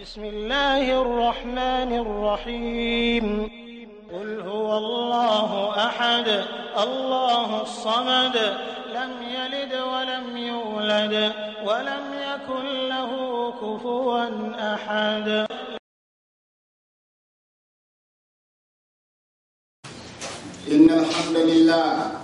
بسم الله الرحمن الرحيم قل هو الله احد الله الصمد لم يلد ولم يولد ولم يكن له كفوا احد ان الحمد لله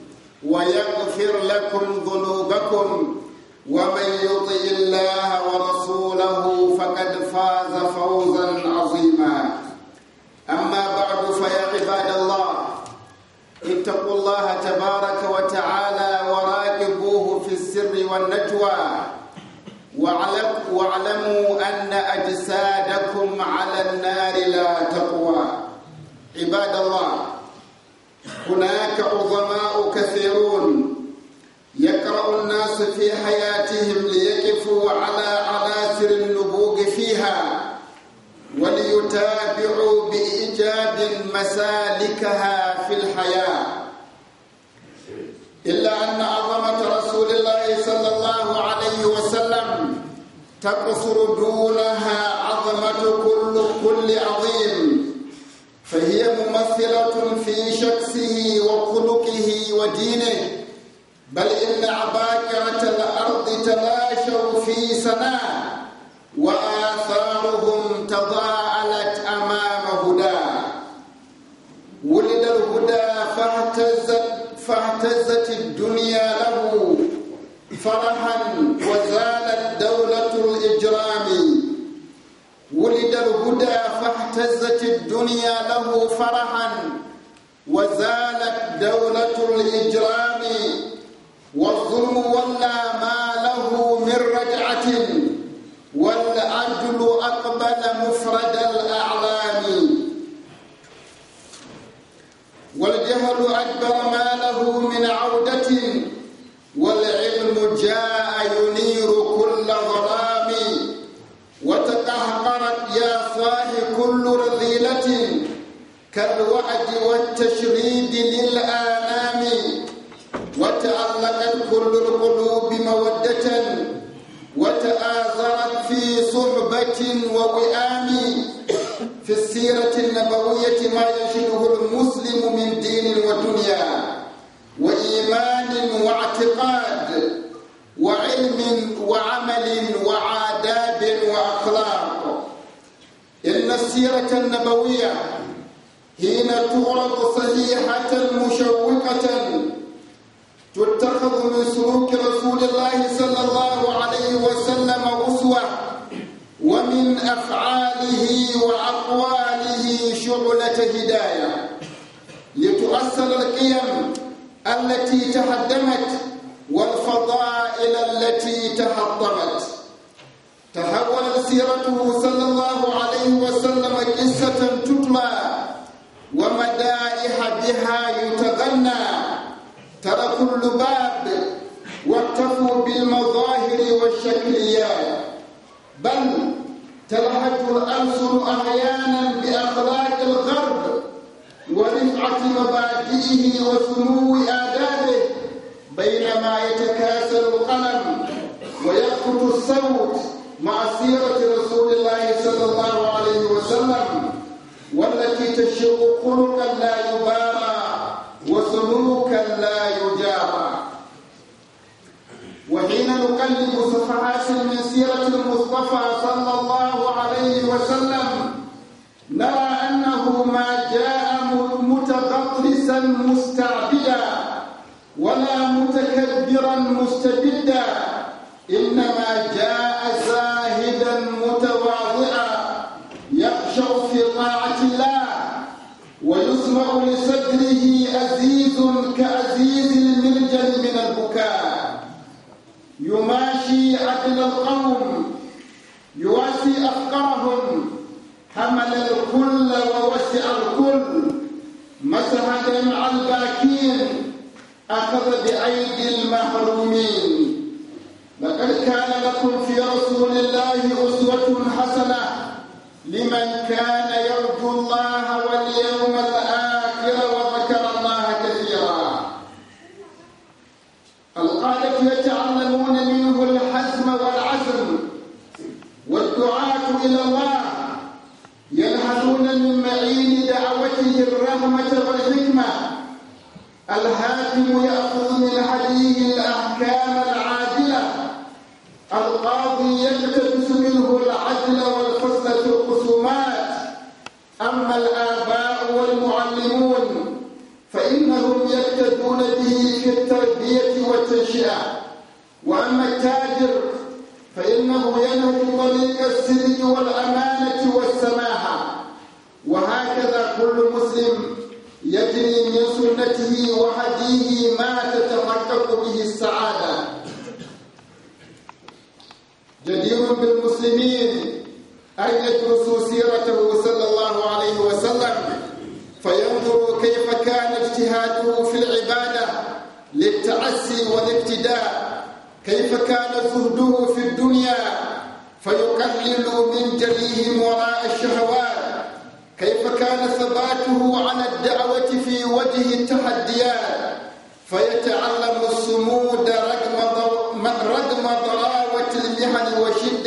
ويغفر لكم ذنوبكم ومن يطع الله ورسوله فقد فاز فوزا عظيما اما بعد فيا عباد الله اتقوا الله تبارك وتعالى وراقبوه في السر والنجوى واعلموا ان اجسادكم على النار لا تقوى عباد الله هناك عظماء كثيرون يقرأ الناس في حياتهم ليقفوا على عناصر النبوغ فيها وليتابعوا بايجاد مسالكها في الحياة إلا أن عظمة رسول الله صلى الله عليه وسلم تقصر دونها عظمة كل كل عظيم فهي ممثلة في شخصه وخلقه ودينه بل إن عباكرة الأرض تلاشوا في سناء وآثارهم تضاعف تربي القلوب مودة وتآزرت في صحبة ووئام في السيرة النبوية ما يجده المسلم من دين ودنيا وإيمان واعتقاد وعلم وعمل وعاداب وأخلاق إن السيرة النبوية حين تعرض صحيحة مشوقة تتخذ من سلوك رسول الله صلى الله عليه وسلم أسوة ومن أفعاله وأقواله شعلة هداية لتؤصل القيم التي تهدمت والفضائل التي تحطمت تحولت سيرته صلى الله عليه وسلم قصة تتلى ومدائح بها يتغنى taraku lubab wattaku bilmadahiri washakliyat bal talahatu lansuru ahyanan biakhlaq lgharb warifati mabadiihi wasunuwi adabe bainama yatakasaru lqalam wayakutu saut masirati rasulillahi sal llahu alaihi wasallam walati tashiu khuluqan la yubara وحين نقلب صفحات من سيرة المصطفى صلى الله عليه وسلم نرى أنه ما جاء متغطرسا مستعبدا ولا متكبرا مستبدا إنما جاء زاهدا متواضعا يخشع في طاعة الله ويسمع لصدره أزيز كأزيز عقل القوم يواسي أفكارهم حمل الكل ووسع الكل مسح دمع الباكين أخذ بأيدي المحرومين لقد كان لكم في رسول الله أسوة حسنة لمن كان يرجو الله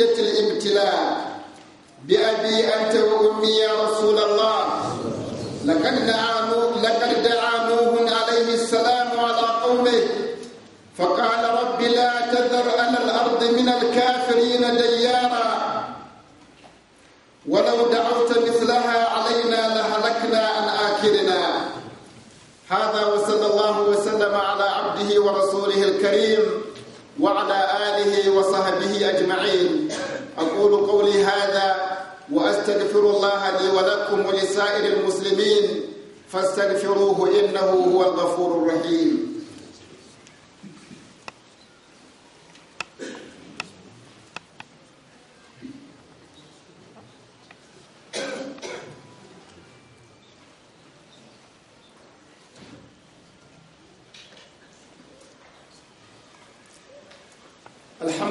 شدة الابتلاء بأبي أنت وأمي يا رسول الله لقد دعا لقد دعا نوح عليه السلام على قومه فقال رب لا تذر على الأرض من الكافرين ديارا ولو دعوت مثلها علينا لهلكنا عن آخرنا هذا وصلى الله وسلم على عبده ورسوله الكريم وعلى آله وصحبه أجمعين أقول قولي هذا وأستغفر الله لي ولكم ولسائر المسلمين فاستغفروه إنه هو الغفور الرحيم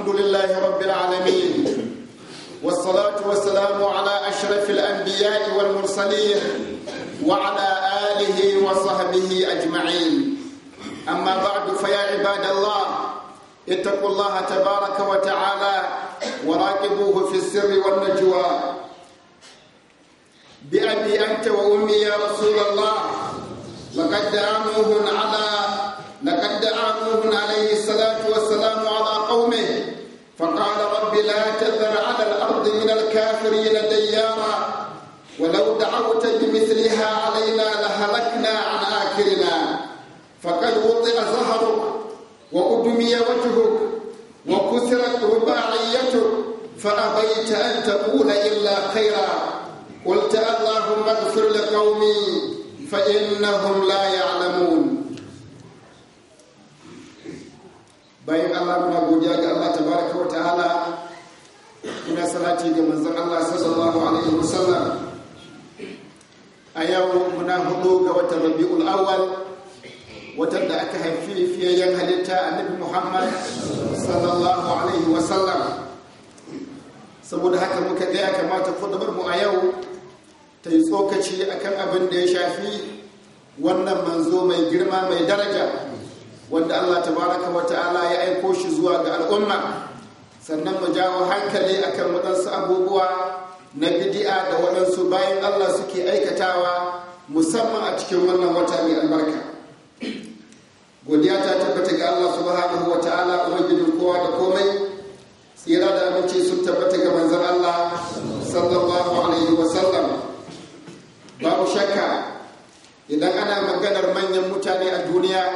الحمد لله رب العالمين والصلاة والسلام على أشرف الأنبياء والمرسلين وعلى آله وصحبه أجمعين أما بعد فيا عباد الله اتقوا الله تبارك وتعالى وراقبوه في السر والنجوى بأبي أنت وأمي يا رسول الله لقد دعانوهن على لقد دعانوهن عليه لدعوت بمثلها علينا لهلكنا عن آخرنا فقد وطئ زهرك وأدمي وجهك وكسرت رباعيتك فأبيت أن تقول إلا خيرا قلت اللهم اغفر لقومي فإنهم لا يعلمون bayan Allah muna godiya ga Allah tabaraka wa ta'ala ina salati ga manzon Allah sallallahu alaihi wasallam a yau muna hudu ga watan rabi'ul awwal watan da aka haifi fiyayyen halitta annabi muhammad sallallahu alaihi wasallam saboda haka muka daya kamata kudubar mu a yau ta yi tsokaci a kan abin da ya shafi wannan manzo mai girma mai daraja wanda allah tabaraka wa ta'ala ya aiko shi zuwa ga al'umma sannan mu jawo hankali akan waɗansu abubuwa na bidi'a da waɗansu bayan Allah suke aikatawa musamman a cikin wannan wata mai albarka godiya ta tabbata ga Allah subhanahu wa ta'ala ubangijin kowa da komai tsira da aminci sun tabbata ga manzan Allah sallallahu alaihi wa sallam babu shakka idan ana maganar manyan mutane a duniya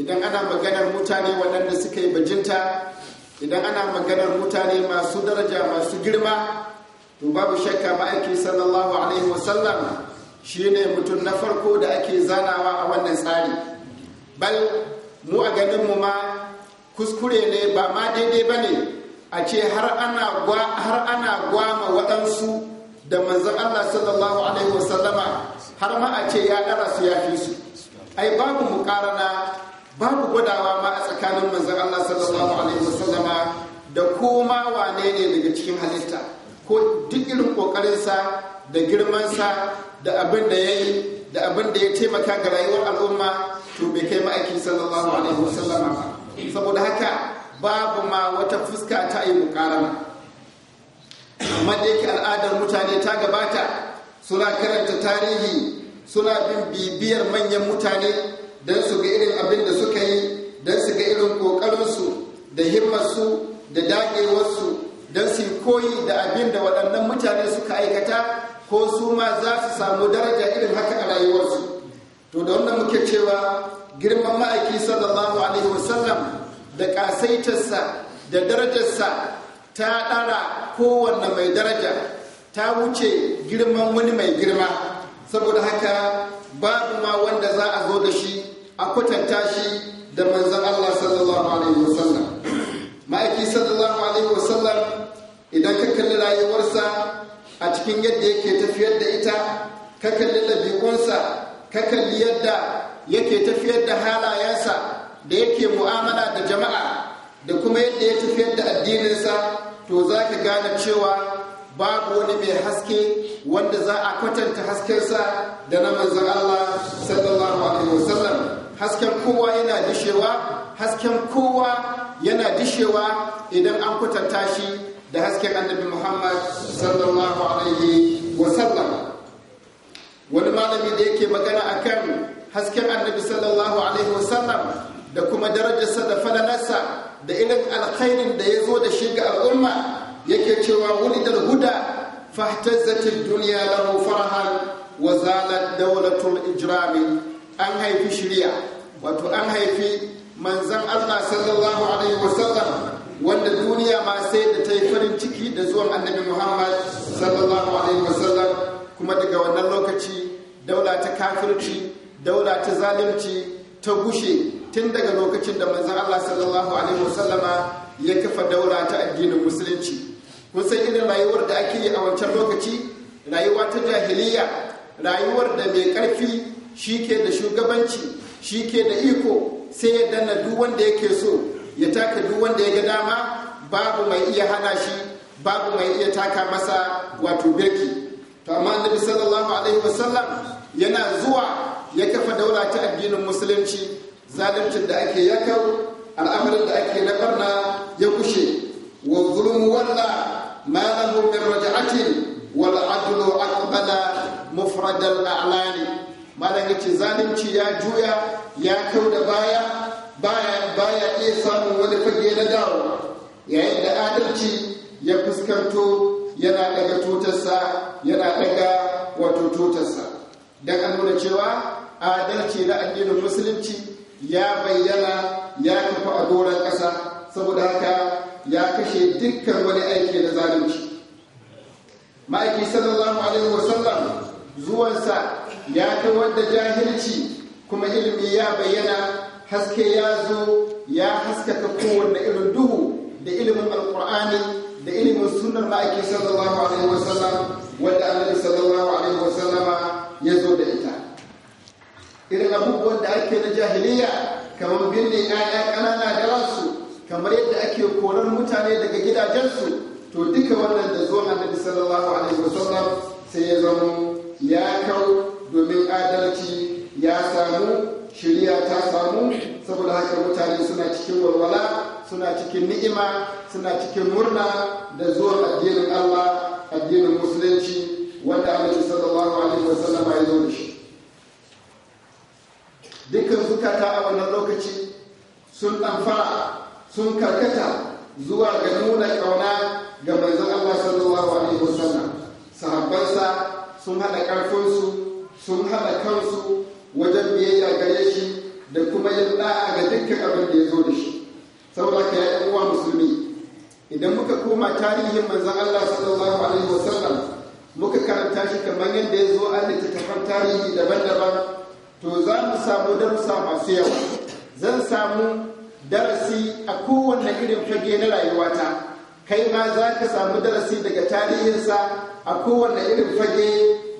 idan ana maganar mutane waɗanda suka yi bajinta idan ana maganar mutane masu daraja masu girma to babu shakka ma'aiki sallallahu alaihi wasallam ne mutum na farko da ake zanawa a wannan tsari bal mu a ganinmu ma kuskure ne ba ma daidai ba ne a ce har ana gwama waɗansu da manzan Allah sallallahu alaihi wasallama har ma a ce ya ɗara su ya fi su ai babu mu mukarana babu gwadawa ma a tsakanin manzan Allah sallallahu alaihi wasallama da kuma wane ne daga cikin halitta ko duk irin kokarinsa da girmansa da abin da ya yi da abin da ya taimaka ga rayuwar al'umma to bai kai ma'aiki sallallahu alaihi wasallam saboda haka babu ma wata fuska ta yi mukarama amma da yake al'adar mutane ta gabata suna karanta tarihi suna bin bibiyar manyan mutane don su ga irin abin da suka yi don su ga irin kokarinsu da himmarsu da dagewarsu don su koyi da abin da waɗannan mutane suka aikata ko su ma za su samu daraja irin haka a rayuwarsu to da wanda muke cewa girman ma'aiki sallallahu alaihi wasallam da ƙasaitarsa da darajarsa ta ɗara kowanne mai daraja ta wuce girman wani mai girma saboda haka babu ma wanda za a zo da shi a kwatanta shi da manzan Allah sallallahu alaihi wasallam ma'aiki sallallahu alaihi wasallam idan ka kalli rayuwarsa a cikin yadda yake tafiyar da ita ka kalli ɗabi'unsa ka kalli yadda yake tafiyar da halayensa da yake mu'amala da jama'a da kuma yadda ya tafiyar da addininsa to za ka gane cewa babu wani mai haske wanda za a kwatanta haskensa da na manzan Allah sallallahu alaihi wasallam hasken kowa yana dishewa hasken kowa yana dishewa idan an kwatanta shi da hasken annabi muhammad sallallahu alaihi wa sallam wani malami da yake magana a kan hasken annabi sallallahu alaihi wa sallam da kuma darajarsa da falalarsa da irin alkhairin da ya zo da shi ga al'umma yake cewa da huda fahtazzatin duniya lahu farahan wa zalat dawlatul ijrami an haifi shirya wato an haifi manzan allah sallallahu alaihi wa sallam. wanda duniya ma sai da ta yi farin ciki da zuwan annabi muhammad sallallahu alaihi wasallam kuma daga wannan lokaci daula ta kafirci daula ta zalunci ta gushe tun daga lokacin da manzon allah sallallahu alaihi wasallama ya kafa daula ta addinin musulunci kun san irin rayuwar da ake yi a wancan lokaci rayuwa ta jahiliya rayuwar da mai karfi shi ke da shugabanci shi ke da iko sai ya danna duk wanda yake so ya taka duk wanda ya ga dama babu mai iya hana shi babu mai iya taka masa wato birki to amma annabi sallallahu alaihi wasallam yana zuwa ya kafa daula ta addinin musulunci zaluncin da ake yakau al'amarin da ake na barna ya kushe wa zulmu walla ma lahu min raj'ati wal adlu aqbala mufradal a'lani malan yace zalunci ya juya ya kau da baya baya baya iya samun wani fage na dawo yayin da adalci ya fuskanto yana daga tutarsa yana daga wato tutarsa don an nuna cewa adalci na addinin musulunci ya bayyana ya kafa a doron ƙasa saboda haka ya kashe dukkan wani aiki na zalunci ma'aiki sallallahu alaihi wasallam zuwansa ya kai wanda jahilci kuma ilimi ya bayyana haske ya zo ya haskaka kowanne irin duhu da ilimin alkur'ani da ilimin sunan Ake sallallahu alaihi wasallam wanda annabi sallallahu alaihi sallama ya zo da ita irin abubuwan da ake na jahiliya kamar binne 'ya'ya ƙanana da rasu kamar yadda ake korar mutane daga gidajensu to duka wannan da zuwan annabi sallallahu alaihi wasallam sai ya zama ya kau domin adalci ya samu shirya ta samu saboda haka mutane suna cikin walwala suna cikin ni'ima suna cikin murna da zuwan addinin Allah addinin musulunci wanda annabi sallallahu alaihi wasallam ya zo da shi dukkan zukata a wannan lokaci sun ɗanfara sun karkata zuwa ga nuna ƙauna ga manzon Allah sallallahu alaihi wasallam sahabbansa sun haɗa ƙarfinsu sun haɗa kansu wajen biyayya gare shi da kuma yin da'a ga dukkan abin da ya zo da shi saboda ka yi uwa musulmi idan muka koma tarihin manzon Allah sallallahu alaihi wasallam muka karanta shi kamar yadda ya zo a littattafan tarihi daban-daban to za mu samu darussa masu yawa zan samu darasi a kowane irin fage na rayuwata kai ma za ka samu darasi daga tarihinsa a kowane irin fage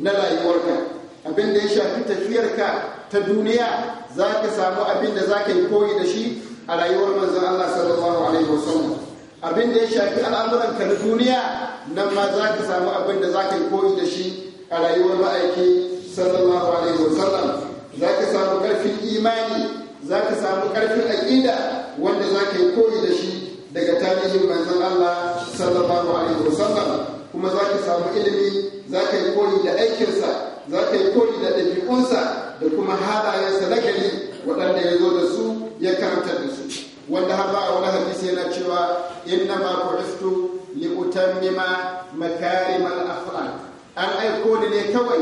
na rayuwarka abin da ya shafi tafiyarka ta duniya za ka samu abin da za ka yi koyi da shi a rayuwar manzan Allah sallallahu alaihi wasallam abin da ya shafi ka na duniya nan ma za ka samu abin da za ka yi koyi da shi a rayuwar ma'aiki sallallahu alaihi wasallam za ka samu ƙarfin imani za ka samu karfin aƙida wanda za ka yi koyi da shi daga tarihin manzon Allah sallallahu alaihi wasallam kuma za ka samu ilimi za ka yi koyi da aikinsa za ka yi koyi da ɗabi'unsa da kuma halayensa na gari waɗanda ya zo da su ya karanta da su wanda har ba a wani hadisi yana cewa inna ma bu'istu li utammima makarimal af'al an aiko ni ne kawai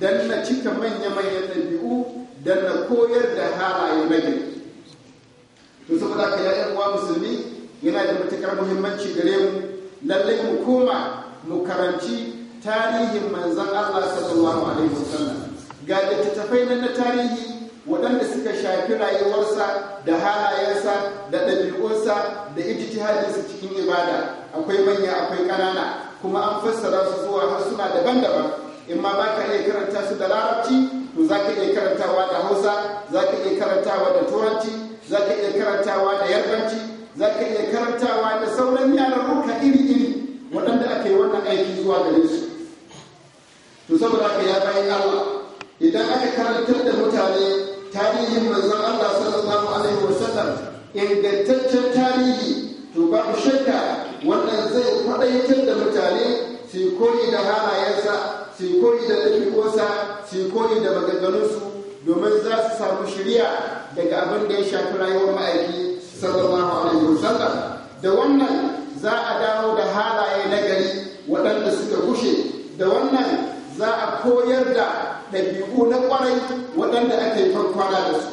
dan na cika manya manyan ɗabi'u dan na koyar da halaye na gari to saboda haka ya uwa musulmi yana da matukar muhimmanci gare mu lallai mu koma mu karanci tarihin manzan Allah sallallahu alaihi wasallam ga littattafai na tarihi waɗanda suka shafi rayuwarsa da halayensa da ɗabi'unsa da ijtihadinsa cikin ibada akwai manya akwai ƙanana kuma an fassara su zuwa harsuna daban-daban in ma ba iya karanta su da larabci to za ka iya karantawa da hausa za ka iya karantawa da turanci za ka iya karantawa da yarbanci za ka iya karantawa da sauran yaran ruka iri-iri waɗanda aka yi wannan aiki zuwa gare su to saboda haka ya bayan Allah idan aka karantar da mutane tarihin manzon Allah sallallahu alaihi sallam, ingantaccen tarihi to babu shakka wannan zai kwaɗaitar da mutane su koyi da halayensa su koyi da ɗabi'unsa su koyi da maganganunsu domin za su samu shirya daga abin da ya shafi rayuwar ma'aiki sallallahu alaihi sallam, da wannan za a dawo da halaye na gari waɗanda suka gushe da wannan za a koyar da ɗabi'u na ƙwarai waɗanda ake yi farkwana da su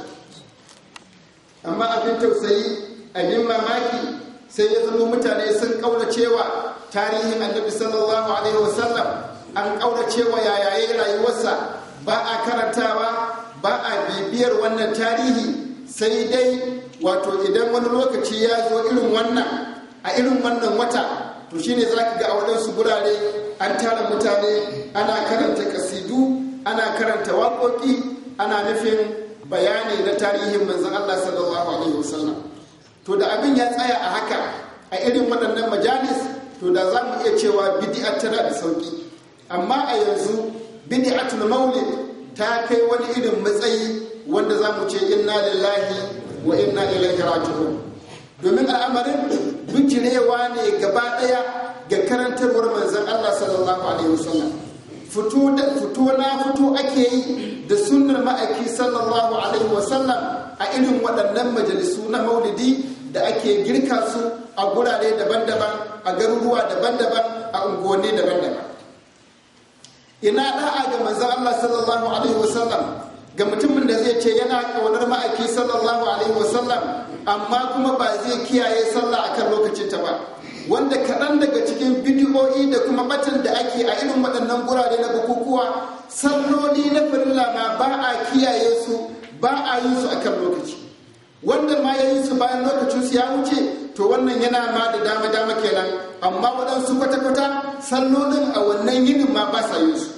amma abin tausayi abin mamaki sai ya zama mutane sun ƙauracewa tarihin annabi sallallahu alaihi wasallam an ƙauracewa yayaye rayuwarsa ba a karantawa ba a bibiyar wannan tarihi sai dai wato idan wani lokaci ya zo irin wannan a irin wannan wata to shine za ga a waɗansu gurare an tara mutane ana karanta kasidu ana karanta waƙoƙi ana nufin bayani na tarihin manzon Allah sallallahu alaihi wasallam to da abin ya tsaya a haka a irin waɗannan majalis to da za mu iya cewa bid'a tana da sauki amma a yanzu bid'atul maulid ta kai wani irin matsayi wanda za mu ce inna lillahi wa inna ilaihi raji'un domin al'amarin bincinewa ne gaba ɗaya ga karantarwar manzan Allah sallallahu alaihi wasallam fito na fito ake yi da sunnar ma'aiki sallallahu alaihi wasallam a irin waɗannan majalisu na maulidi da ake girka su a gurare daban-daban a garuruwa daban-daban a unguwanni daban-daban ina da'a ga manzan Allah sallallahu alaihi wasallam ga mutumin da zai ce yana ƙaunar ma'aiki sallallahu alaihi wasallam amma kuma ba zai kiyaye sallah akan lokacinta ba wanda kaɗan daga cikin bidiyo'i da kuma batan da ake a irin waɗannan gurare na bukukuwa salloli na farilla ma ba a kiyaye su ba a yi su akan lokaci wanda ma ya yi su bayan lokacinsu ya wuce to wannan yana ma da dama dama kenan amma waɗansu kwata-kwata sallolin a wannan yinin ma ba sa yi su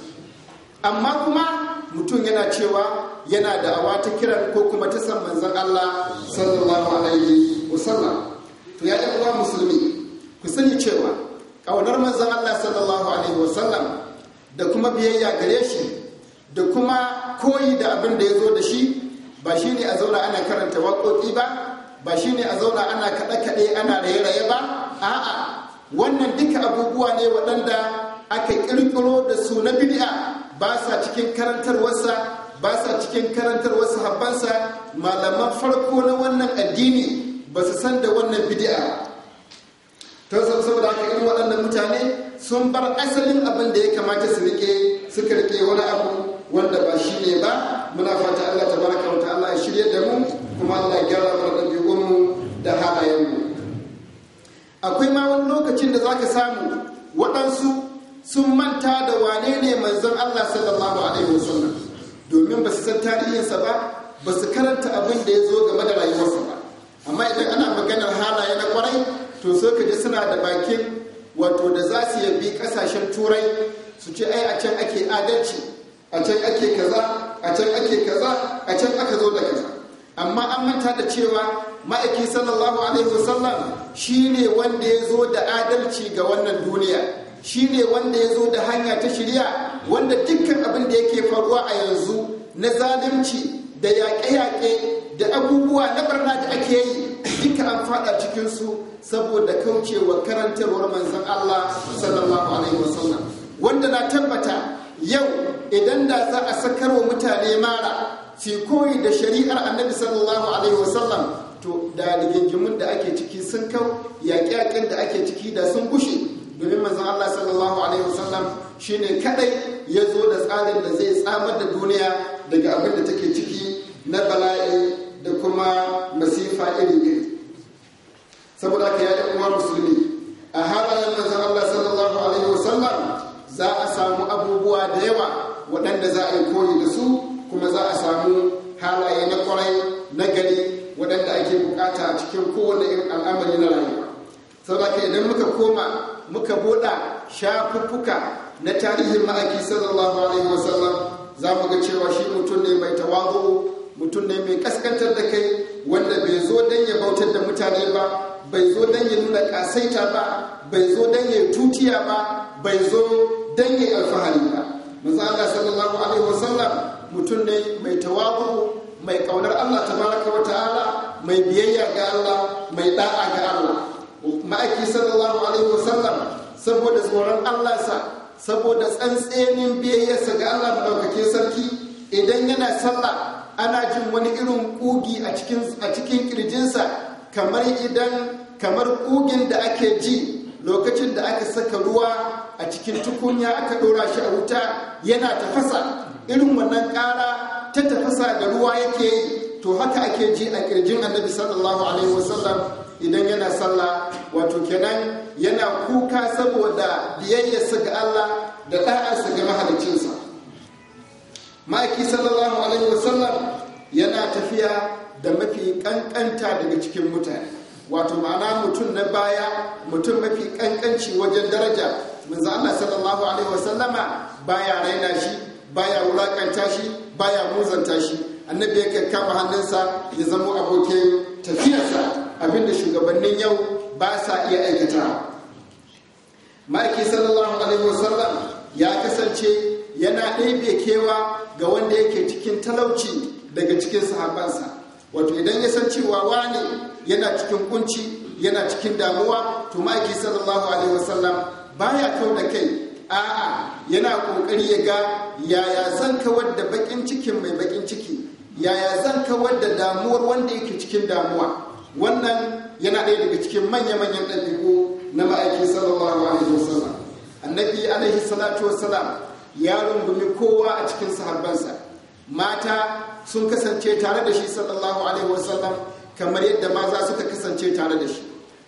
amma kuma mutum yana cewa yana da awa ta kiran ko kuma ta san manzan Allah sallallahu alaihi wasallam to ya uwa musulmi ku sani cewa kaunar manzan Allah sallallahu alaihi wasallam da kuma biyayya gare shi da kuma koyi da abin da ya zo da shi ba shi a zauna ana karanta waƙoƙi ba ba shi a zauna ana kaɗe-kaɗe ana raye-raye ba a'a wannan duka abubuwa ne waɗanda aka ƙirƙiro da su na bid'a ba sa cikin karantarwarsa ba sa cikin karantar wasa habbansa malaman farko na wannan addini ba su san da wannan Ta to saboda haka irin waɗannan mutane sun bar asalin abin da ya kamata su rike suka rike wani abu wanda ba shi ne ba muna fata Allah ta baraka wa ta'ala ya shirye da mu kuma Allah ya gyara mana ɗabi'un mu da halayen mu akwai ma wani lokacin da zaka samu waɗansu sun manta da wane ne manzon Allah sallallahu alaihi wasallam domin ba su san tarihinsa ba ba su karanta abin da ya zo game da rayuwarsa ba amma idan ana maganar halaye na kwarai to sai ka ji suna da bakin wato da za su yabi kasashen turai su ce ai a can ake adalci a can ake kaza a can ake kaza a can aka zo da kaza amma an manta da cewa ma'aiki sallallahu alaihi wasallam shine wanda ya zo da adalci ga wannan duniya shi ne wanda ya zo da hanya ta shirya wanda dukkan abin da yake faruwa a yanzu na zalunci da yaƙe-yaƙe da abubuwa na barna da ake yi duka an fada cikinsu saboda kaucewa karantarwar manzon Allah sallallahu alaihi wasallam wanda na tabbata yau idan da za a sakar wa mutane mara fi koyi da shari'ar annabi sallallahu alaihi wasallam to da rigingimin da ake ciki sun kau yaƙe-yaƙen da ake ciki da sun gushe domin manzon Allah sallallahu alaihi wasallam shine kadai ya zo da tsarin da zai tsamar da duniya daga abin da take ciki na bala'i da kuma masifa iri iri saboda ka yaɗa kuma musulmi a halayen manzon Allah sallallahu alaihi wasallam za a samu abubuwa da yawa waɗanda za a yi koyi da su kuma za a samu halaye na kwarai na gari waɗanda ake bukata cikin kowane irin al'amari na rayuwa saboda idan muka koma muka buɗa shafuffuka na tarihin ma'aiki sallallahu alaihi wasallam za mu ga cewa shi mutum ne mai tawazu mutum ne mai kaskantar da kai wanda bai zo don ya bautar da mutane ba bai zo don ya nuna kasaita ba bai zo don ya tutiya ba bai zo don ya alfahari ba manzo Allah sallallahu alaihi wasallam mutum ne mai tawazu mai kaunar Allah tabaraka wa ta'ala mai biyayya ga Allah mai da'a ga Allah ma'aiki sallallahu alaihi wasallam saboda tsoron Allah sa saboda tsantsenin biyayyarsa ga Allah ɗaukake sarki idan yana sallah ana jin wani irin kugi a cikin a cikin kirjinsa kamar idan kamar kugin da ake ji lokacin da aka saka ruwa a cikin tukunya aka ɗora shi a wuta yana tafasa irin wannan ƙara ta tafasa da ruwa yake yi to haka ake ji a kirjin annabi sallallahu alaihi wasallam idan yana sallah wato kenan yana kuka saboda biyayyarsa ga Allah da ɗa'arsa ga mahalicinsa ma'aiki sallallahu alaihi wasallam yana tafiya da mafi kankanta daga cikin mutane wato ma'ana mutum na baya mutum mafi kankanci wajen daraja manzo Allah sallallahu alaihi wasallama baya raina shi baya wulakanta shi baya muzanta shi annabi yake kama hannunsa ya zama abokin tafiyarsa abinda shugabannin yau ba sa iya aikata maki sallallahu alaihi wasallam ya kasance yana ɗebe kewa ga wanda yake cikin talauci daga cikin sahabansa wato idan ya san cewa wani yana cikin kunci yana cikin damuwa to maki sallallahu alaihi wasallam baya kau da kai a'a yana kokari ya ga yaya zan kawar da bakin cikin mai bakin ciki yaya zan kawar da damuwar wanda yake cikin damuwa wannan yana ɗaya daga cikin manya-manyan ɗabi'u na ma'aiki sallallahu alaihi wasallam annabi alaihi salatu wasallam ya rungumi kowa a cikin sahabbansa mata sun kasance tare da shi sallallahu alaihi wasallam kamar yadda maza suka kasance tare da shi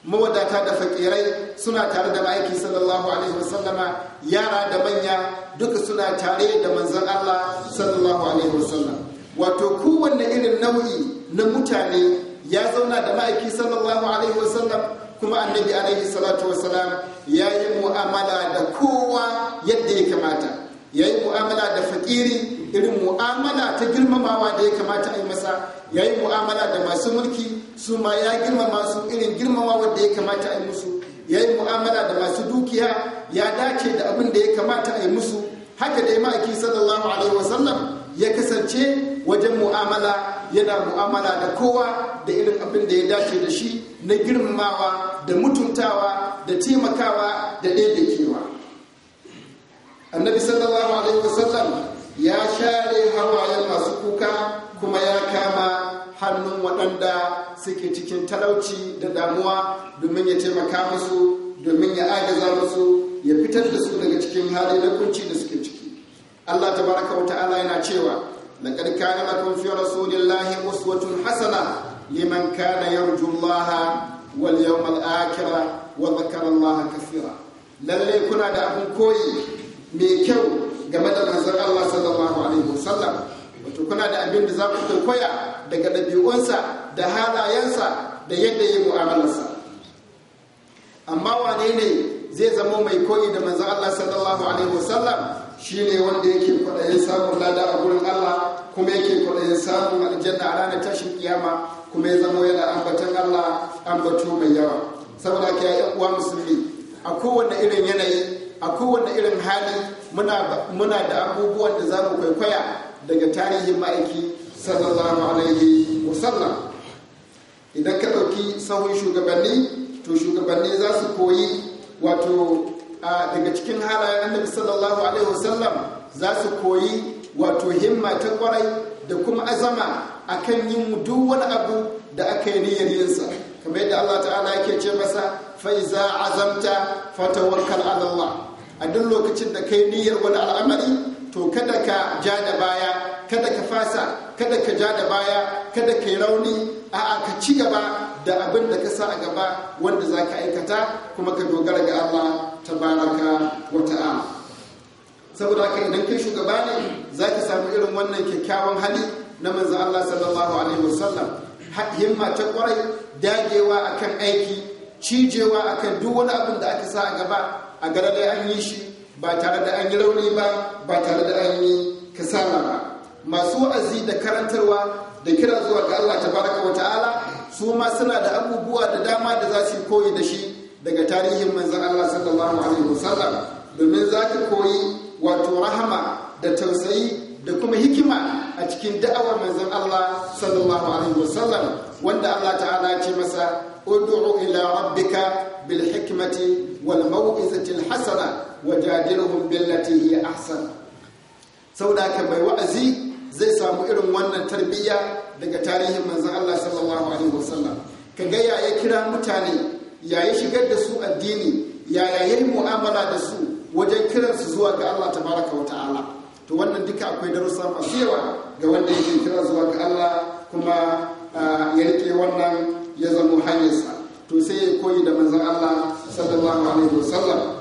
mawadata da fakirai suna tare da ma'aiki sallallahu alaihi wasallama yara da manya duka suna tare da manzon Allah sallallahu alaihi wasallam wato kowanne irin nau'i na mutane ya zauna da ma'aiki sallallahu alaihi wasallam kuma annabi alaihi salatu wasalam ya yi mu'amala da kowa yadda ya kamata ya yi mu'amala da fakiri irin mu'amala ta girmamawa da ya kamata a yi masa ya yi mu'amala da masu mulki su ma ya girmama su irin girmamawa da ya kamata a yi musu ya yi mu'amala da masu dukiya ya dace da abin da ya kamata a yi musu haka da ya ma'aiki sallallahu alaihi wasallam ya kasance wajen mu'amala yana mu'amala da kowa da irin abin da ya dace da shi na girmamawa da mutuntawa da taimakawa da daidaitewa. annabi sallallahu alaihi wasallam ya share hawayen masu kuka kuma ya kama hannun waɗanda suke cikin talauci da damuwa domin ya taimaka musu domin ya agaza musu ya fitar da su daga cikin hali na kunci da suke ciki Allah tabaraka wa ta'ala yana cewa laqad kana lakum fi rasulillahi uswatun hasana liman kana yarju wal yawmal akhir wa dhakara Allah kaseera lalle kuna da abun koyi mai kyau game da manzon Allah sallallahu alaihi wasallam wato kuna da abin da za ku koya daga ɗabi'unsa da halayensa da yadda ya mu'amalarsa amma wane ne zai zama mai koyi da manzon Allah sallallahu alaihi wasallam shine wanda yake kwaɗayin samun lada a gurin Allah kuma yake kwaɗayin samun aljanna a ranar tashin kiyama kuma ya zama yana ambaton Allah ambato mai yawa saboda ka yan uwa musulmi a kowanne irin yanayi a kowanne irin hali muna da abubuwan da za mu kwaikwaya daga tarihin ma'aiki sallallahu alaihi wasallam idan ka ɗauki sahun shugabanni to shugabanni za su koyi wato daga cikin halayen annabi sallallahu alaihi wasallam za su koyi wato himma ta kwarai da kuma azama akan yin duk wani abu da aka yi niyyar yinsa kamar yadda Allah ta'ala yake ce masa faiza azamta fatawakkal ala Allah a duk lokacin da kai niyyar wani al'amari to kada ka ja da baya kada ka fasa kada ka ja da baya kada ka yi rauni a'a ka ci gaba da abin da ka sa a gaba wanda za ka aikata kuma ka dogara ga Allah tabaraka wa ta'ala saboda haka idan kai shugaba ne za ka samu irin wannan kyakkyawan hali na manzan Allah sallallahu alaihi wasallam himma ta kwarai dagewa akan aiki cijewa akan duk wani abin da aka sa a gaba a gara da an yi shi ba tare da an yi rauni ba ba tare da an yi kasala ba masu wa'azi da karantarwa da kira zuwa ga Allah tabaraka wa ta'ala su ma suna da abubuwa da dama da za su koyi da shi daga tarihin manzan Allah sallallahu alaihi wasallam domin za ki koyi wato rahama da tausayi da kuma hikima a cikin da'awar manzan Allah sallallahu alaihi wasallam wanda Allah ta'ala ce masa ud'u ila rabbika bil hikmati wal mau'izati al hasana wajadilhum billati hiya ahsan da ka mai wa'azi zai samu irin wannan tarbiyya daga tarihin manzan Allah sallallahu alaihi wasallam ka ga ya kira mutane ya shigar da su addini ya ya mu'amala da su wajen kiransu zuwa ga Allah tabaraka wa ta'ala to wannan duka akwai darussa masu yawa ga wanda yake kira zuwa ga Allah kuma ya rike wannan ya zama hanyarsa to sai ya koyi da manzon Allah sallallahu alaihi wasallam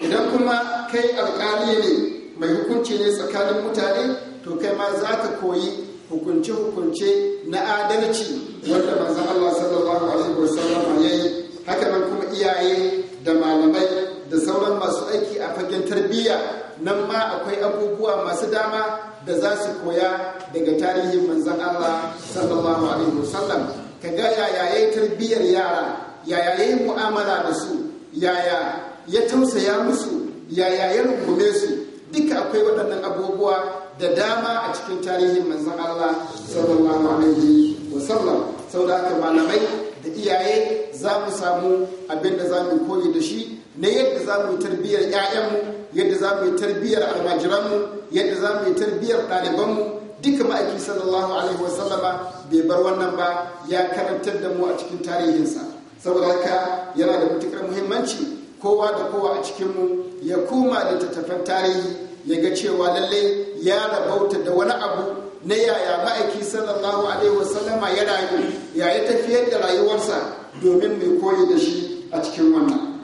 idan kuma kai alƙali ne mai hukunci ne tsakanin mutane to kai ma za ka koyi hukunce-hukunce na adalci wanda manzan Allah sallallahu alaihi wasallam ya yi haka nan kuma iyaye da malamai da sauran masu aiki a fagen tarbiyya nan ma akwai abubuwa masu dama da za su koya daga tarihin manzan Allah sallallahu alaihi wasallam Ka yaya tarbiyyar yara yaya yi mu'amala da su yaya ya tausaya musu yaya ya rungume su duka akwai waɗannan abubuwa da dama a cikin tarihin manzan Allah sallallahu alaihi wasallam saboda haka malamai da iyaye za mu samu abin da za mu koyi da shi na yadda za mu yi tarbiyyar 'ya'yanmu yadda za mu yi tarbiyyar almajiranmu yadda za mu yi tarbiyyar ɗalibanmu duka ma'aiki sallallahu alaihi wasallama bai bar wannan ba ya karantar da mu a cikin tarihinsa saboda haka yana da matuƙar muhimmanci kowa da kowa a cikinmu ya koma da tattafan tarihi ya ga cewa lalle ya rabauta da wani abu na yaya ma'aiki sallallahu alaihi wasallama ya rayu ya yi tafiyar da rayuwarsa domin mai koyi da shi a cikin wannan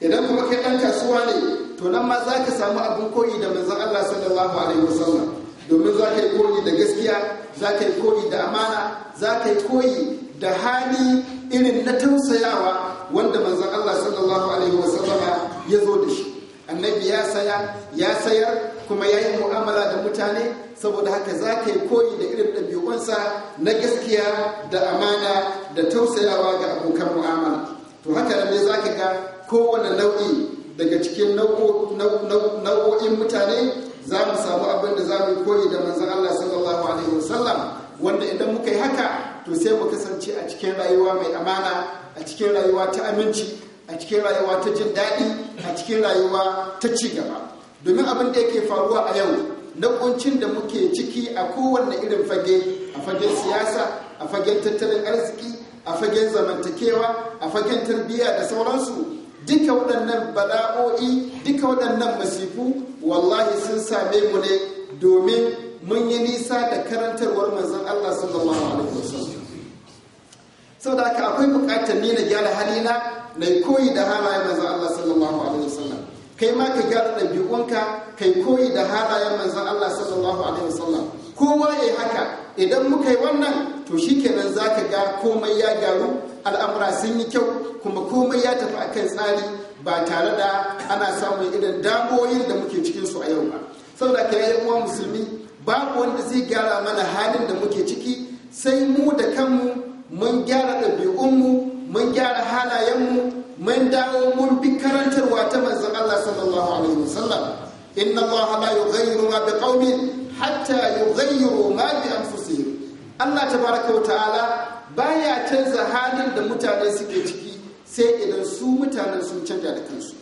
idan kuma kai ɗan kasuwa ne to nan ma za ka samu abin koyi da manzon Allah sallallahu alaihi wasallam domin za ka yi koyi da gaskiya za ka yi koyi da amana za ka yi koyi da hali irin na tausayawa wanda manzon Allah sallallahu alaihi wasallama ya zo da shi annabi ya saya ya sayar kuma ya yi mu'amala da mutane saboda haka za ka yi koyi da irin ɗabi'unsa na gaskiya da amana da tausayawa ga abokan mu'amala to haka ne za ka ga kowane nau'i daga cikin nau'o'in mutane za mu samu abin da za mu koyi da manzan Allah sallallahu alaihi wasallam wanda idan muka yi haka to sai mu kasance a cikin rayuwa mai amana a cikin rayuwa ta aminci a cikin rayuwa ta jin daɗi a cikin rayuwa ta ci gaba domin abin da yake faruwa a yau na kuncin da muke ciki a kowanne irin fage a fagen siyasa a fagen tattalin arziki a fagen zamantakewa a fagen tarbiyya da sauransu duka waɗannan bala'o'i duka waɗannan masifu wallahi sun same mu ne domin mun yi nisa da karantarwar manzon Allah sallallahu alaihi wasallam saboda haka akwai buƙatar nina na gyara halina na koyi da halayen manzon Allah sallallahu alaihi wasallam kai ma ka gyara ɗabi'unka kai koyi da halayen manzon Allah sallallahu alaihi wasallam kowa ya haka idan muka yi wannan to shikenan za ka ga komai ya gyaru al'amura sun yi kyau kuma komai ya tafi a akan tsari ba tare da ana samun idan damuwoyin da muke cikin su a yau ba saboda ka yi uwa musulmi babu wanda zai gyara mana halin da muke ciki sai mu da kanmu mun gyara ɗabi'unmu mun gyara halayenmu mun dawo mun bi karantarwa ta manzon Allah sallallahu alaihi wasallam inna Allah la yughayyiru ma qaumin hatta yughayyiru ma bi anfusihim Allah tabaraka wa ta'ala baya canza halin da mutane suke ciki sai idan su mutanen sun canja da kansu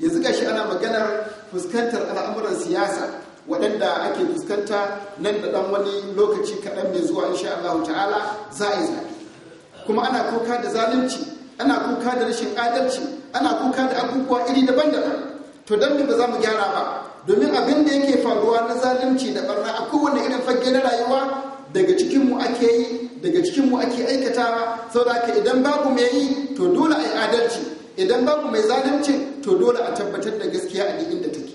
yanzu shi ana maganar fuskantar al'amuran siyasa waɗanda ake fuskanta nan da ɗan wani lokaci kaɗan mai zuwa insha Allah ta'ala za a yi zaɓe kuma ana kuka da zalunci ana kuka da rashin adalci ana kuka da abubuwa iri daban-daban to don ba za mu gyara ba domin abin da yake faruwa na zalunci da barna a kowane irin fage na rayuwa daga cikinmu ake yi daga cikin mu ake aikatawa saboda haka idan babu mai yi to dole a yi adalci idan babu mai zalunci to dole a tabbatar da gaskiya a inda take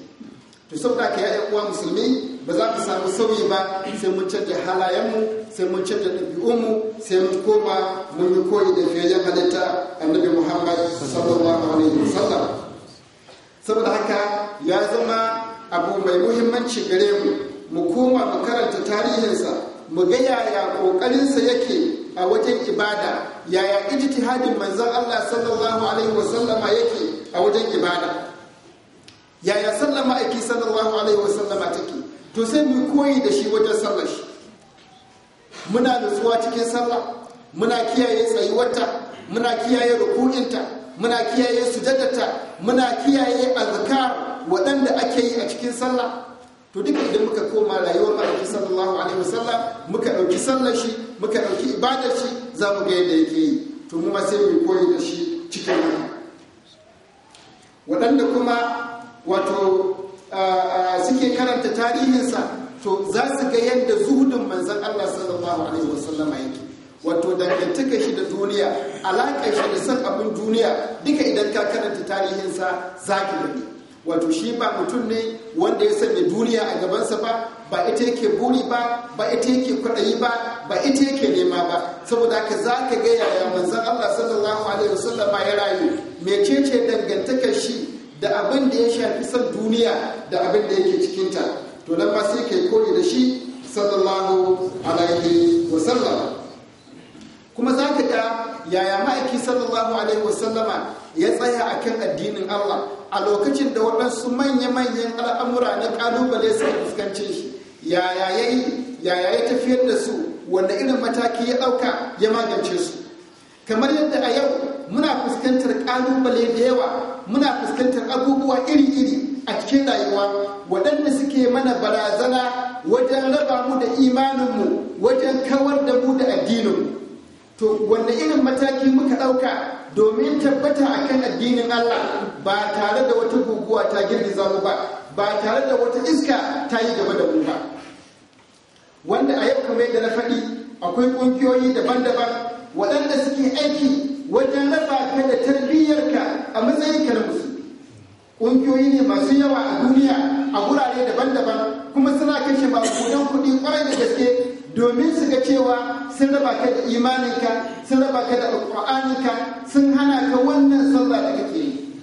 to saboda ka ya uwa musulmi ba za mu samu sauyi ba sai mun canja halayenmu sai mun canja ɗabi'unmu sai mun koma mun yi koyi da yan halitta annabi muhammad sallallahu alaihi wasallam saboda haka ya zama abu mai muhimmanci gare mu mu koma mu karanta tarihinsa mu ga yaya ƙoƙarinsa yake a wajen ibada yaya ijtihadin manzon Allah sallallahu alaihi wasallama yake a wajen ibada yaya sallama aiki sallallahu alaihi wasallama take to sai mu koyi da shi wajen sallar shi muna nutsuwa cikin sallah muna kiyaye tsayuwarta muna kiyaye rukuninta muna kiyaye sujadarta muna kiyaye azkar waɗanda ake yi a cikin sallah to duk idan muka koma rayuwar ma'aikin sallallahu alaihi wasallam muka ɗauki sallar shi muka ɗauki ibadar shi za mu ga yadda yake yi to mu ma sai mu koyi da shi cikin waɗanda kuma wato suke karanta tarihinsa to za su ga yadda zuhudin manzan Allah sallallahu alaihi wasallama yake wato dangantaka shi da duniya alaƙar shi da san abin duniya duka idan ka karanta tarihinsa za ki gani wato shi ba mutum ne wanda ya sanya duniya a gabansa ba ba ita yake buri ba ba ita yake kwaɗayi ba ba ita yake nema ba saboda haka za ka ga yaya manzan Allah sallallahu alaihi wasallama ya rayu mecece dangantakar shi da abin da ya shafi san duniya da abin da yake cikinta to nan ma sai kai koyi da shi sallallahu alaihi wa sallam kuma za ka ga yaya ma'aiki sallallahu alaihi wa sallama ya tsaya a kan addinin Allah a lokacin da waɗansu manya-manyan al'amura na ƙalubale sun fuskance shi yaya ya yi yaya ya tafiyar da su wanda irin mataki ya ɗauka ya magance su kamar yadda a yau muna fuskantar ƙalubale da yawa muna fuskantar abubuwa iri-iri a cikin rayuwa waɗanda suke mana barazana wajen raba mu da imaninmu wajen kawar da mu da addininmu to wanda irin mataki muka ɗauka domin tabbata a kan addinin Allah ba tare da wata guguwa ta girgiza mu ba ba tare da wata iska ta yi gaba da mu ba wanda a yau kamar yadda na faɗi akwai ƙungiyoyi daban-daban waɗanda suke aiki wajen raba ka da tarbiyyarka a ka na musulmi ƙungiyoyi ne masu yawa a duniya a gurare daban-daban kuma suna kashe kudin kuɗi kwarai da gaske domin su ga cewa sun raba ka da imaninka sun raba ka da alƙur'aninka sun hana ka wannan sallah da kake yi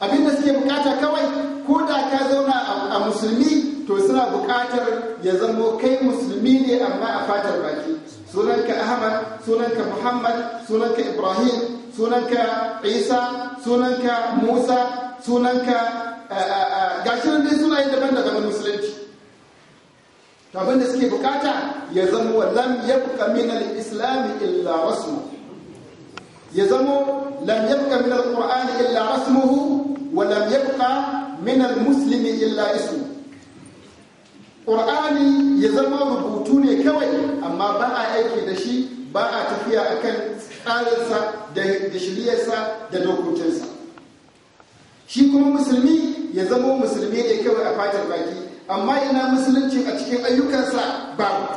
abin da suke bukata kawai ko da ka zauna a musulmi to suna bukatar ya zamo kai musulmi ne amma a fatar baki sunanka ahmad sunanka muhammad sunanka ibrahim sunanka isa sunanka musa sunanka eh, eh, eh, gashi dai sunaye daban-daban musulunci to da suke bukata ya zama lam ya min al-islam illa ya zama lam ya min al-qur'ani illa rasmuhu wa lam yabqa min al illa isu ƙur'ani ya zama rubutu ne kawai amma ba a aiki da shi ba a tafiya a kan tsarinsa da shiriyarsa da dokokinsa shi kuma musulmi ya zama musulmi ne kawai a fatar baki amma ina musulunci a cikin ayyukansa ba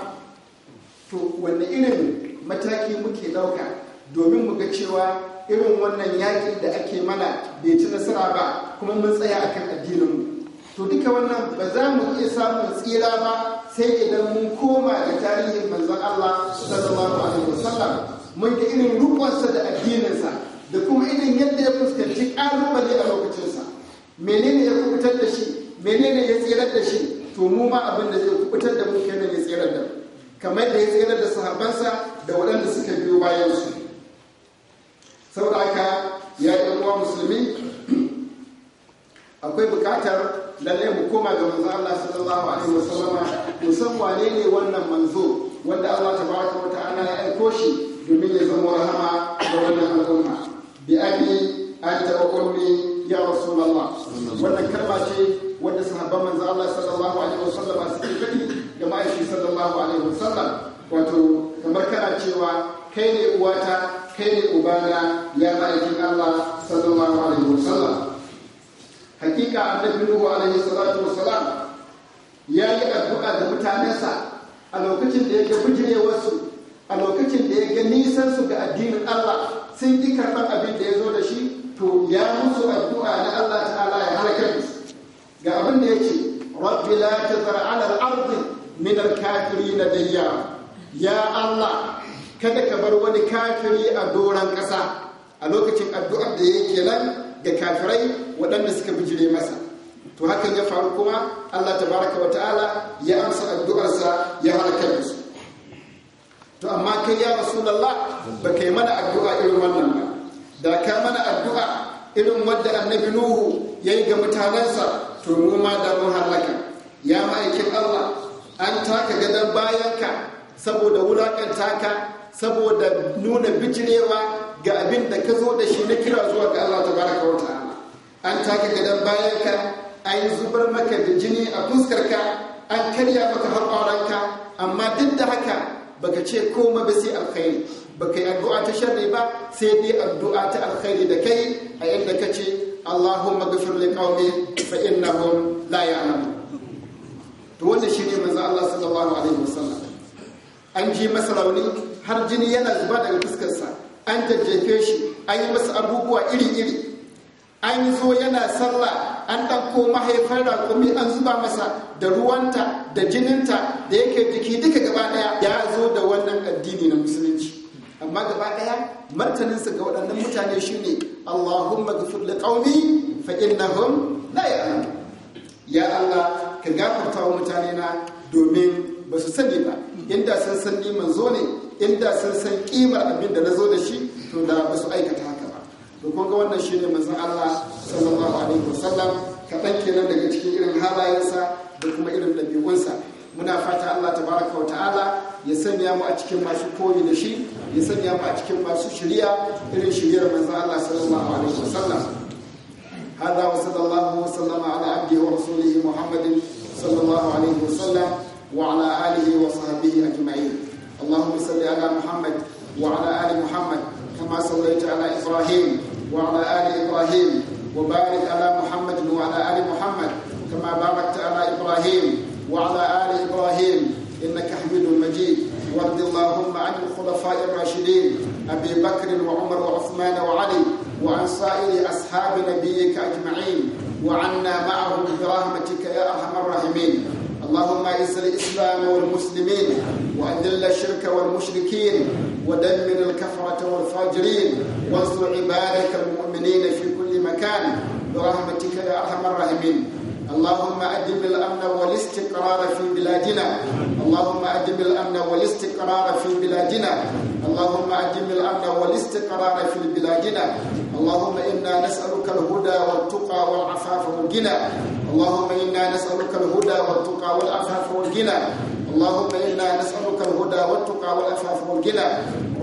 to wanne irin mataki muke ɗauka domin mu ga cewa irin wannan yaƙi da ake mana bai ci nasara ba kuma mun tsaya akan addininmu to duka wannan ba za mu iya samun tsira ba sai idan mun koma da tarihin manzon Allah sallallahu alaihi wasallam mun ga irin rukunsa da addininsa da kuma irin yadda ya fuskanci ƙalubale a lokacinsa menene ya kubutar da shi menene ya tsirar da shi to mu ma abin da zai kubutar da mu kenan ya tsirar da kamar da ya tsirar da sahabansa da waɗanda suka biyo bayan su saboda ya yi uwa musulmi akwai bukatar lalle mu koma ga manzo Allah sallallahu alaihi wasallama mu san wane ne wannan manzo wanda Allah tabaraka wa ta'ala ya aiko shi domin ya zama rahama ga wannan al'umma bi abi anta wa ummi ya rasulullah wannan kalma ce wanda sahabban manzo Allah sallallahu alaihi wasallama suke fadi ga ma'aishi sallallahu alaihi wasallam wato kamar kana cewa kai ne uwata kai ne ubana ya ma'aikin Allah sallallahu alaihi wasallam hakika annabi nuhu alayhi salatu wassalam ya yi addu'a da mutanensa a lokacin da ya ga wasu a lokacin da ya ga nisan su ga addinin Allah sun yi karɓar abin da ya zo da shi to ya musu addu'a na Allah ta'ala ya halakar su ga abin da ya ce rabbi la tazar ala al-ardi min al-kafirin dayya ya Allah kada ka bar wani kafiri a doron ƙasa a lokacin addu'ar da yake nan ga kafirai waɗanda suka bijire masa to hakan ya faru kuma Allah tabaraka wa ta'ala ya amsa addu'arsa ya halakar da su to amma kai ya rasulullah ba kai mana addu'a irin wannan ba da ka mana addu'a irin wadda annabi nuhu ya yi ga mutanensa to mu ma da mun halaka ya ma'aikin Allah an taka gadon bayanka saboda wulakanta ka saboda nuna bijirewa ga abin da ka zo da shi na kira zuwa ga Allah baraka wa ta'ala an take gadon bayan ka an zubar maka da jini a fuskar ka an karya maka har ka amma duk da haka baka ce koma ba sai alkhairi baka yi addu'a ta sharri ba sai dai addu'a ta alkhairi da kai a yadda ka ce Allahumma ghafir li qaumi fa innahum la ya'lamun to wannan shine manzo Allah sallallahu alaihi wasallam an ji masa rauni har jini yana zuba daga fuskarsa an jajjefe shi an yi masa abubuwa iri-iri an yi zo yana sallah an ɗauko mahaifar raƙumi an zuba masa da ruwanta da jininta da yake jiki duka gaba ɗaya ya zo da wannan addini na musulunci amma gaba ɗaya martaninsa ga waɗannan mutane shi shine allahumma ghfir li qaumi fa innahum la ya allah ka gafarta wa mutane na domin ba su sani ba inda sun san ni manzo ne inda sun san kimar abin da na zo da shi to da ba su aikata haka ba to kun ga wannan shine manzon Allah sallallahu alaihi wasallam kaɗan kenan daga cikin irin halayensa da kuma irin ɗabi'unsa muna fata Allah tabaraka wa ta'ala ya sanya mu a cikin masu koyi da shi ya sanya mu a cikin masu shirya irin shiryar manzon Allah sallallahu alaihi wasallam hada wa sallallahu wa sallama ala abdihi wa rasulihi muhammadin sallallahu alaihi wasallam wa ala alihi wa sahbihi ajma'in اللهم صل على محمد وعلى آل محمد كما صليت على إبراهيم وعلى آل إبراهيم وبارك على محمد وعلى آل محمد كما باركت على إبراهيم وعلى آل إبراهيم إنك حميد مجيد وارض اللهم عن الخلفاء الراشدين أبي بكر وعمر وعثمان وعلي وعن سائر أصحاب نبيك أجمعين وعنا معهم برحمتك يا أرحم الراحمين اللهم اعز الإسلام والمسلمين وأذل الشرك والمشركين ودمر الكفرة والفاجرين وانصر عبادك المؤمنين في كل مكان برحمتك يا أرحم الراحمين اللهم أدم الأمن والاستقرار في بلادنا اللهم أدم الأمن والاستقرار في بلادنا اللهم أدم الأمن والاستقرار في بلادنا اللهم إنا نسألك الهدى والتقى والعفاف والغنى اللهم إنا نسألك الهدى والتقى والعفاف والغنى اللهم إنا نسألك الهدى والتقى والعفاف والغنى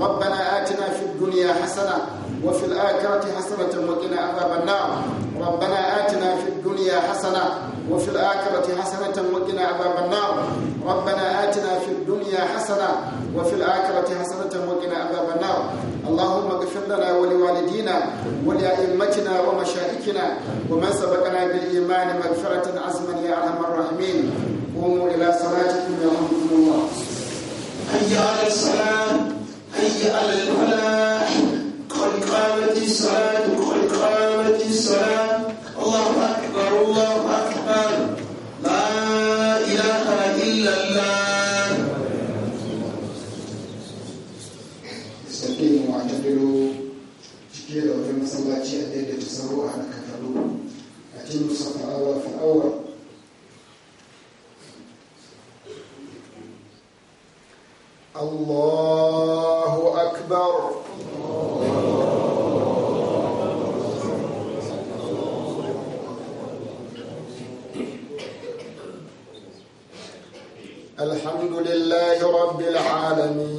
ربنا آتنا في الدنيا حسنة وفي الآخرة حسنة وقنا عذاب النار ربنا آتنا في الدنيا حسنة وفي الآخرة حسنة وقنا عذاب النار ربنا آتنا في الدنيا حسنة وفي الآخرة حسنة وقنا عذاب النار اللهم اغفر لنا ولوالدينا ولأئمتنا ومشائكنا ومن سبقنا بالإيمان مغفرة عزما يا أرحم الراحمين قوموا إلى صلاتكم يرحمكم الله حي على الصلاة حي على الفلاح قد قامت الصلاة قد قامت الصلاة الله أكبر الله أكبر لا إله إلا الله استقيموا واعتدلوا شكرا وفي مصلاتي أديت تسروا عنك كفروا أتموا الصف في الأول الله أكبر الحمد لله رب العالمين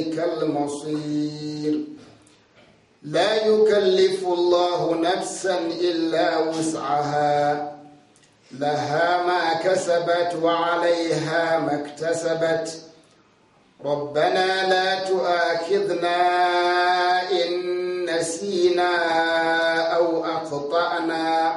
إليك المصير لا يكلف الله نفسا إلا وسعها لها ما كسبت وعليها ما اكتسبت ربنا لا تؤاخذنا إن نسينا أو أخطأنا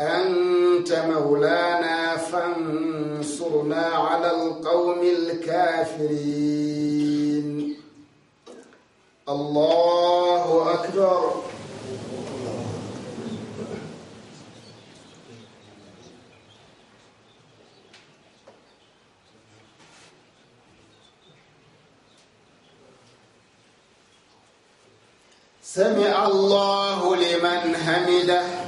أنت مولانا فانصرنا على القوم الكافرين الله أكبر سمع الله لمن حمده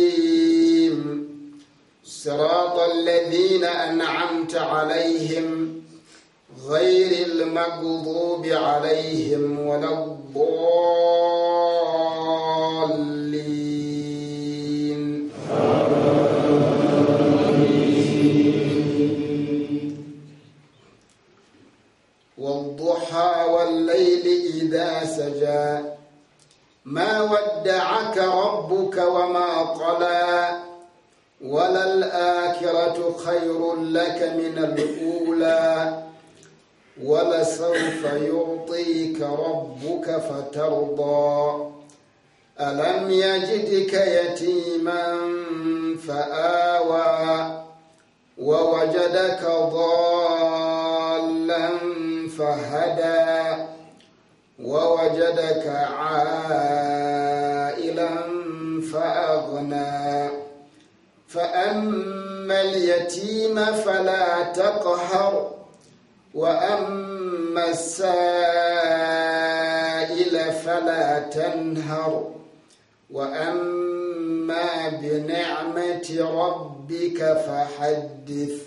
المغضوب عليهم ولا ألم يجدك يتيما فآوى ووجدك ضالا فهدى ووجدك عائلا فأغنى فأما اليتيم فلا تقهر وأما السائل فلا تنهر وأما بنعمة ربك فحدث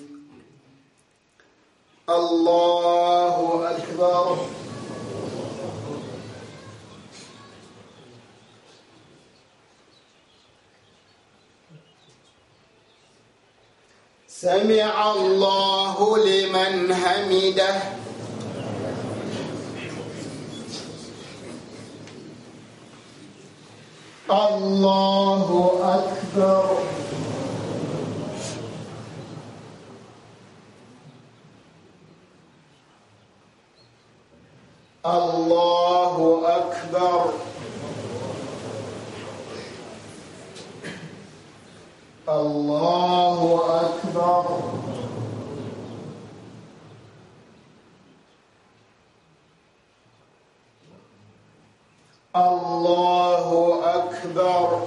الله أكبر سمع الله لمن حمده Allahu Akbar. Allahu Akbar. Allahu Akbar. Allahu Akbar. الأكبر